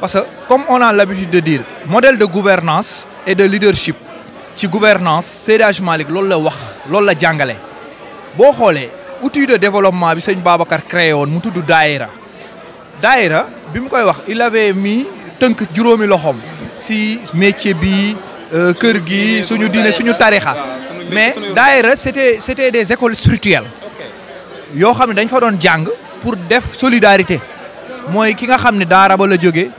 Parce que, comme on a l'habitude de dire, modèle de gouvernance et de leadership, ci gouvernance c'est ce loolu la wax loolu la jàngale boo xoolee outil de développement que Seigne Babacar créé c'est mu Daïra Daïra bi je koy wax il avait mis tënk juróomi loxoom si métier bi euh, kër gi suñu diine suñu tariha. mais Daïra c'était c'était des écoles spirituelles Yo xam dañ fa doon jang pour def solidarité moy ki nga xam ne daara ba la jógee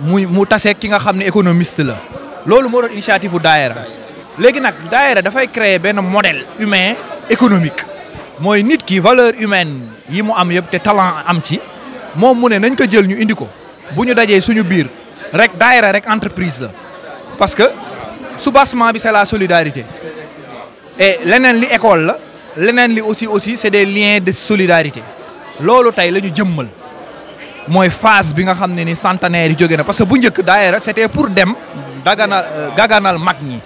muy mu tasee ki nga xam ne économiste la loolu moo doon initiative bu léegi nag daayira dafay créer benn modèle humain économique mooy nit ki valeur humaine yi mu am yëpp te talant am ci moom mu ne nañ ko jël ñu indi ko bu ñu dajee suñu biir rek daayira rek entreprise la parce que soubassement bi c'est la solidarité et leneen li école la leneen li aussi aussi c'est des liens de solidarité loolu tey la ñu jëmmal mooy phase bi nga xam ne ni centenaire yi jóge na parce que bu njëkk daayira c'était pour dem dagana gaganal mag ñi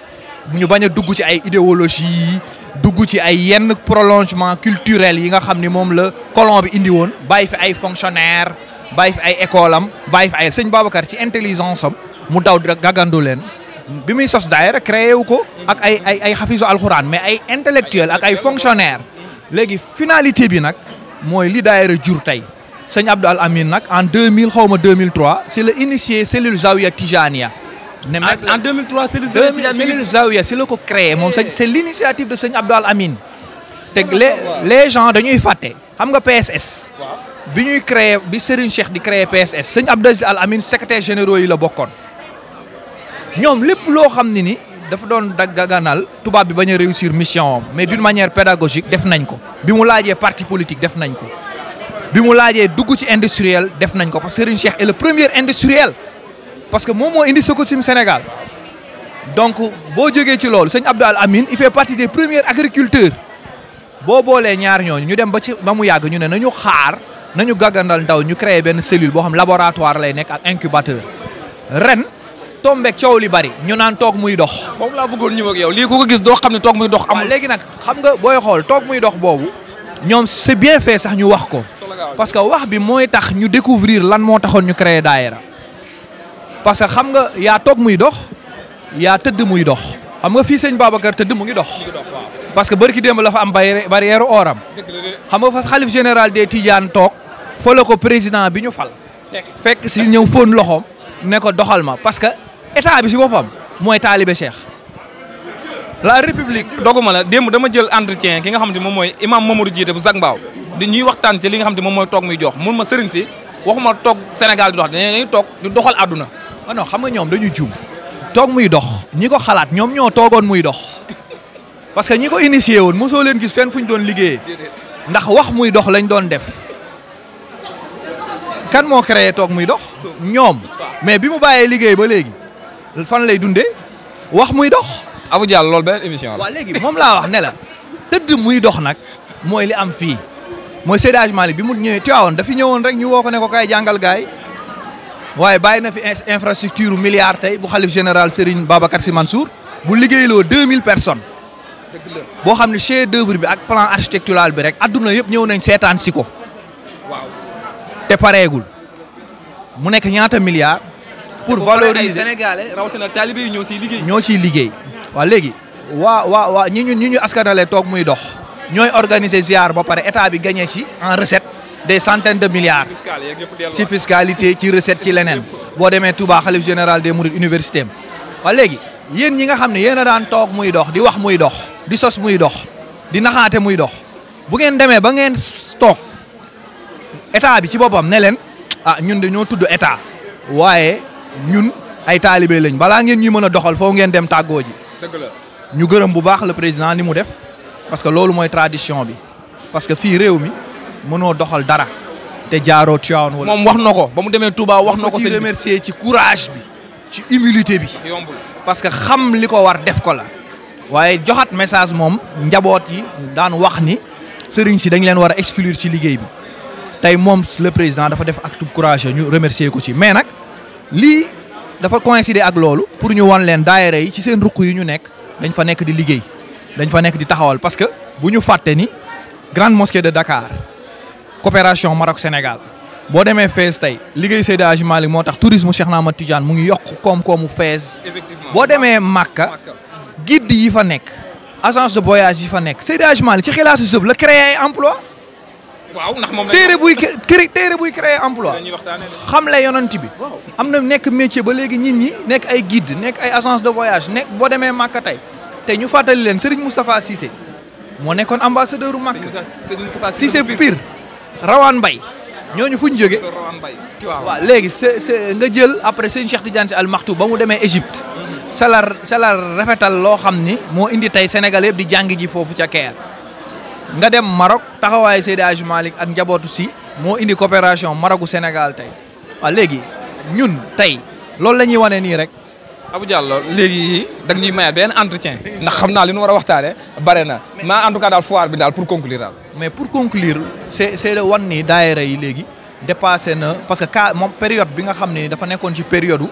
ñu bañ a dugg ci ay idéologie yi dugg ci ay yenn prolongement culturel yi nga xam ni moom la colon bi indi woon bàyyi fi ay fonctionnaire bàyyi fi ay école am bàyyi fi ay sëñ Babacar ci intelligence am mu daw di gagandu leen bi muy sos daayira créé wu ko ak ay ay ay xafisu alxuraan mais ay intellectuel ak ay fonctionnaire léegi finalité bi nag mooy li jur tey sëñ Abdou Al Amin nak en 2000 xawma 2003 c'est l'initier, initié cellule Zawiya Tijania. en 2003 cellule Zawiya Tijania cellule Zawiya c'est le ko créé C'est l'initiative de Seigneur Abdou Al Amin. te les les gens dañuy faté xam nga PSS. bi ñuy créé bi Serigne Cheikh di créé PSS Seigneur Abdou Al Amin secrétaire généraux yi la bokkoon. ñom lepp lo xamni ni dafa doon dagganal tubaab bi baña réussir mission mais d'une manière pédagogique def nañ ko. bi mu laajee parti politique def nañ ko. bi mu laajee dugg ci industriel def nañ ko parce que Serigne Cheikh est le premier industriel parce que momo indi soko Sococim Sénégal donc bo jógee ci loolu serigne Abdou Al Amin il fait partie des premiers agriculteurs bo bolé ñaar ñoo ñu dem ba ci ba mu yag ñu né nañu xaar nañu gagandal ndaw ñu créer ben cellule bo xam laboratoire lay nek ak incubateur ren tombek coow li bari ñu naan tok muy dox. moom la bëggoon ñu ak yow li ko ko gis do xamni tok muy dox. am légui nak xam nga boy xol tok muy dox bobu ñom c'est bien fait sax ñu wax ko. parce que wax bi mooy tax ñu découvrir lan moo taxoon ñu créer daayira parce que xam nga yaa toog muy dox yaa tëdd muy dox xam nga fii sëñ Babacar tëdd mu ngi dox parce que bërki démb la fa am barrière oram xam nga fa xalif général des Tidiane toog fa la ko président bi ñu fal fekk si ñëw fóon loxo ne ko doxal ma parce que état bi si boppam mooy taalibe Cheikh la république ma la démb dama jël entretien ki nga xam ne moom mooy imam Mamadou ji bu Zac di ñuy waxtaan si li nga xam te moom mooy toog muy jox mun ma sëriñ si waxuma toog Sénégal di dox dañuy toog di doxal àdduna. waaw non xam nga ñoom dañu juum toog muy dox ñi ko xalaat ñoom ñoo toogoon muy dox parce que ñi ko initié woon mosoo leen gis fenn fu ñu doon liggéeyee ndax wax muy dox lañ doon def kan moo créé toog muy dox ñoom mais bi mu bàyyee liggéey ba léegi fan lay dundee wax muy dox. Abou Diallo loolu benn émission la. waaw léegi moom laa wax ne la tëdd muy dox nag mooy li am fii. mooy Seydi Hadji Malick bi mu ñëwee Tivaouane dafi ñëwoon rek ñu woo ko ne ko kay jàngal gaay waaye bàyyi na fi infrastructure milliard tey bu xalif général Serigne Babacar Sy Mansour bu liggéeyloo 2000 personnes boo xam ne chef d'œuvre bi ak plan architectural bi rek adduna yëpp ñëw nañ seetaan si ko waaw te pareegul mu nekk ñaata milliards pour valoriser Sénégalais rawatina talibé yi ñoo ciy liggéey ñoo ciy liggéey waaw léegi waa waa waa ñi ñu ñi ñu toog muy dox ñoy organiser ziar ba paré état bi gagné ci en recette des centaines de milliards ci fiscalité ci recette ci lenen bo démé Touba xalif général des mourid université wa légui yeen ñi nga xamné yeena daan tok muy dox di wax muy dox di sos muy dox di naxaté muy dox bu ngeen démé ba ngeen toog état bi ci bopam ne ah ñun dañu tuddu état waaye ñun ay talibé lañ bala ngeen ñi mëna a doxal fo ngeen dem tàggoo ji ñu gërëm bu baax le président ni mu def parce que loolu mooy tradition bi parce que fii réew mi mënoo doxal dara te jaaroo Tivaouane wala. moom wax na ko ba mu demee Touba wax na ko. ci remercier ci courage bi ci humilité bi. yombul parce que xam li ko war def ko la. waaye joxat message moom njaboot yi daan wax ni sëriñ si dañ leen war a exclure ci liggéey bi tey moom le président dafa def acte courage ñu remercier ko ci mais nag lii dafa coïncider ak loolu pour ñu wan leen daayira yi ci seen ruq yi ñu nekk dañ fa nekk di liggéey. dañ fa nekk di taxawal parce que bu ñu fàtte ni grande mosquée de Dakar copération Maroc Sénégal boo demee Fès tey liggéey Seydi Hadji Malick moo tax tourisme Cheikh Ahmad Tidiane mu ngi yokk koom-koomu boo demee Makka. guide yi fa nekk. agence de voyage yi fa nekk Seydi Hadji Malick ci xilaasu sëb la créé ay emploi waaw ndax moom téere buy cré téere buy créé emploi xam la yonanti bi. am na nekk métier ba léegi nit ñi nekk ay guide nekk ay agence de voyage nekk boo demee Makka tey. tey ñu fàttali leen Serigne Moustapha Cissé moo nekkoon ambassadeur u Màkk Cissé Pire Rawane Mbaye ñooñu fu ñu jóge léegi léegi se nga jël après Serigne Cheikh Tidiane Sy Al ba mu demee Égypte salar salar rafetal loo xam ni moo indi tey Sénégal yëpp di jàng ji foofu ca Caire nga dem Maroc taxawaayu Seydi Hadji Malick ak njabootu si moo indi coopération Maroc gu Sénégal tey waaw léegi ñun tey loolu la ñuy wane nii rek abu Diallo léegi da ñuy mayaat benn entretien ndax xam naa li nu war a waxtaanee bare na maa en tout cas daal foire bi daal pour conclure daal. mais pour conclure c'est c'est de wan ni daayira yi léegi dépassé na parce que moom période bi nga xam ne dafa nekkoon ci période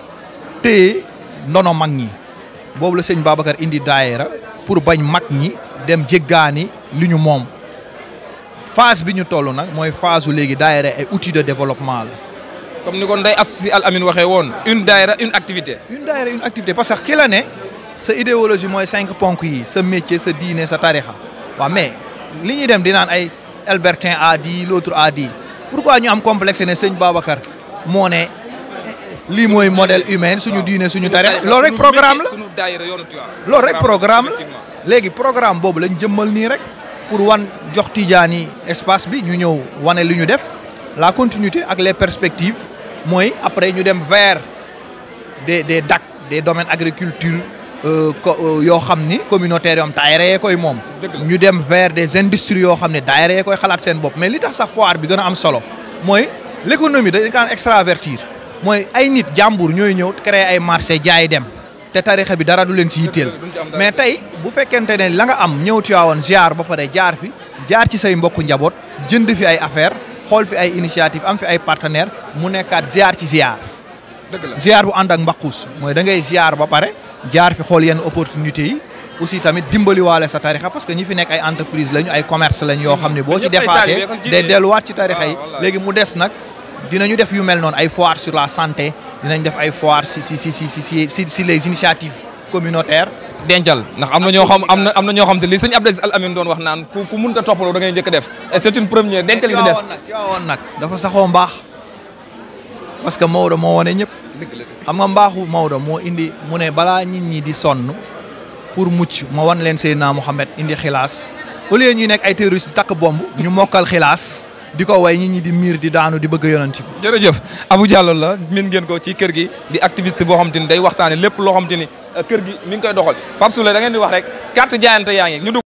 téye ndono mag ñi boobu la sëñ Babacar indi daayira pour bañ mag ñi dem jéggaani li ñu moom phase bi ñu toll nag mooy phase su léegi daayira ay outils de développement la. comme ni ko Ndeye Astou Al une daayira une activité. une daayira une activité parce que Quelle année? cette idéologie mooy cinq ponk yi sa métier ce diine sa tarixa mais li ñuy dem di ay Albertin a dit l'autre a dit pourquoi ñu am complexe ne cinq Babacar moo ne lii modèle humain suñu diine suñu nous loolu rek programme la loolu rek programme la léegi programme boobu lañ jëmmal ni rek pour wan jox tijaan espace bi ñu ñëw wané li def la continuité ak les perspectives mooy après ñu dem vers des des DAC des domaines agriculture euh, euh, yoo xam ni communautaire yoo xam daayira yee koy moom ñu dem vers des industries yoo xam ne daayira yee koy xalaat seen bopp mais li tax sax foire bi gën am solo mooy l'économie dañ kaan extravertir mooy ay nit jàmbur ñooy ñëw créer ay marché jaay dem te tarixa bi dara du leen ci yitteel mais tey bu fekkente ne la nga am ñëw Tiwaawan ziar ba pare jaar fi jaar ci say mbokku njaboot jënd fi ay affaire xool fi ay initiative am fi ay partenaire mu nekkaat ziar ci ziar. dëgg bu ànd ak mbaquus mooy da ngay ziar ba pare jaar fi xool yenn opportunité yi. aussi tamit dimbaliwaale sa tarixa parce que ñi fi nekk ay entreprise lañu ay commerce lañu yoo xam ne boo ci defaatee day delluwaat ci tarixa yi ah, léegi mu des nag ñu def yu mel noonu ay foire sur la santé dinañ def ay foire si si si si si si si les initiatives communautaires dencal ndax am na ñoo xam am na am na ñoo xam te li sëñ Abdou Al Amine doon wax naan ku ku mënta toppaloo da ngay njëkk def et c'est une première dencal yi si des Tiwaawoon nag dafa saxoo mbaax parce que Maodo moo wane ñëpp xam nga mbaaxu Maodo moo indi mu ne balaa nit ñi di sonn pour mucc ma wan leen Seydina Mohamed indi xilaas au lieu ñuy nekk ay terroristes takk bomb ñu mokkal xilaas di ko way nit ñi di miir di daanu di bëgg yonent bi jërëjëf Abou min ngeen ko ci kër di activiste boo xam te ni day waxtaane lépp loo xam te ni kër gi koy doxal Pape Souleye da ngeen di wax rek carte jaayante yaa ngi ñu